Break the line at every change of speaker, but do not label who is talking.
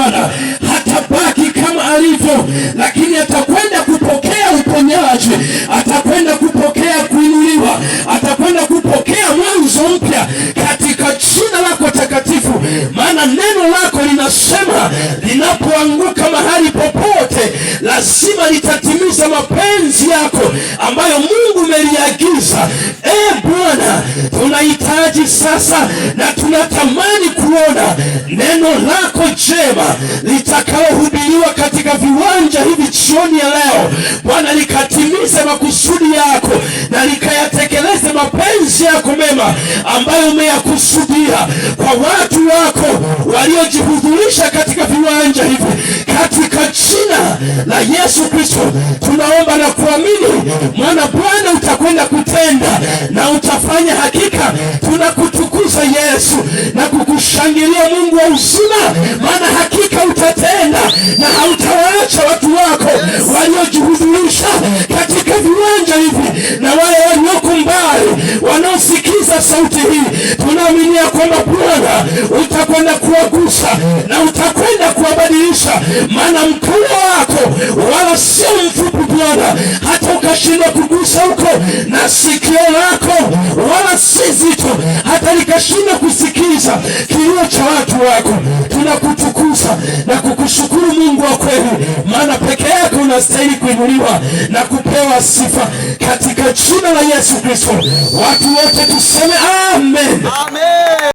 Bwana hatabaki kama alivyo, lakini atakwenda kupokea uponyaji, atakwenda kupokea kuinuliwa, atakwenda kupokea mwanzo mpya katika jina lako takatifu, maana neno lako linasema linapoanguka mahali popote lazima litatimiza mapenzi yako ambayo Mungu umeliagiza. Ebu Bwana, tunahitaji sasa na tunatamani kuona neno lako jema litakalohubiriwa katika viwanja hivi jioni ya leo Bwana, likatimize makusudi yako na likayatekeleze mapenzi yako mema ambayo umeyakusudia kwa watu wako waliojihudhurisha katika viwanja hivi la Yesu Kristo, tunaomba na kuamini, maana Bwana utakwenda kutenda na utafanya hakika. Tunakutukuza Yesu na kukushangilia Mungu wa uzima, maana hakika utatenda na hautawaacha watu wako waliojihudhurisha katika viwanja hivi na wale walioko mbali wanaosikiza sauti hii. Tunaamini ya kwamba Bwana utakwenda kuwa kukuangusha, maana mkono wako wala sio mfupi Bwana, hata ukashindwa kugusa huko, na sikio lako wala si zito, hata likashindwa kusikiza kilio cha watu wako. Tunakutukuza na kukushukuru Mungu wa kweli, maana peke yako unastahili kuinuliwa na kupewa sifa, katika jina la Yesu Kristo watu wote tuseme amen,
amen.